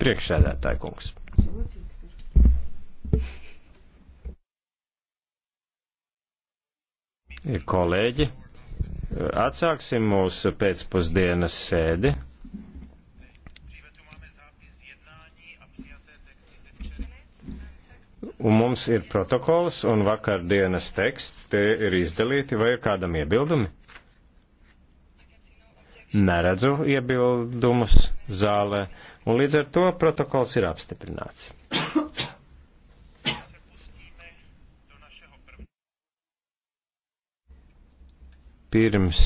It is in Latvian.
Priekšsēdētāji kungs. Kolēģi, atsāksim mūsu pēcpusdienas sēdi. Un mums ir protokols un vakardienas teksts, tie ir izdalīti, vai ir kādam iebildumi? Neredzu iebildumus zālē, un līdz ar to protokols ir apstiprināts. Pirms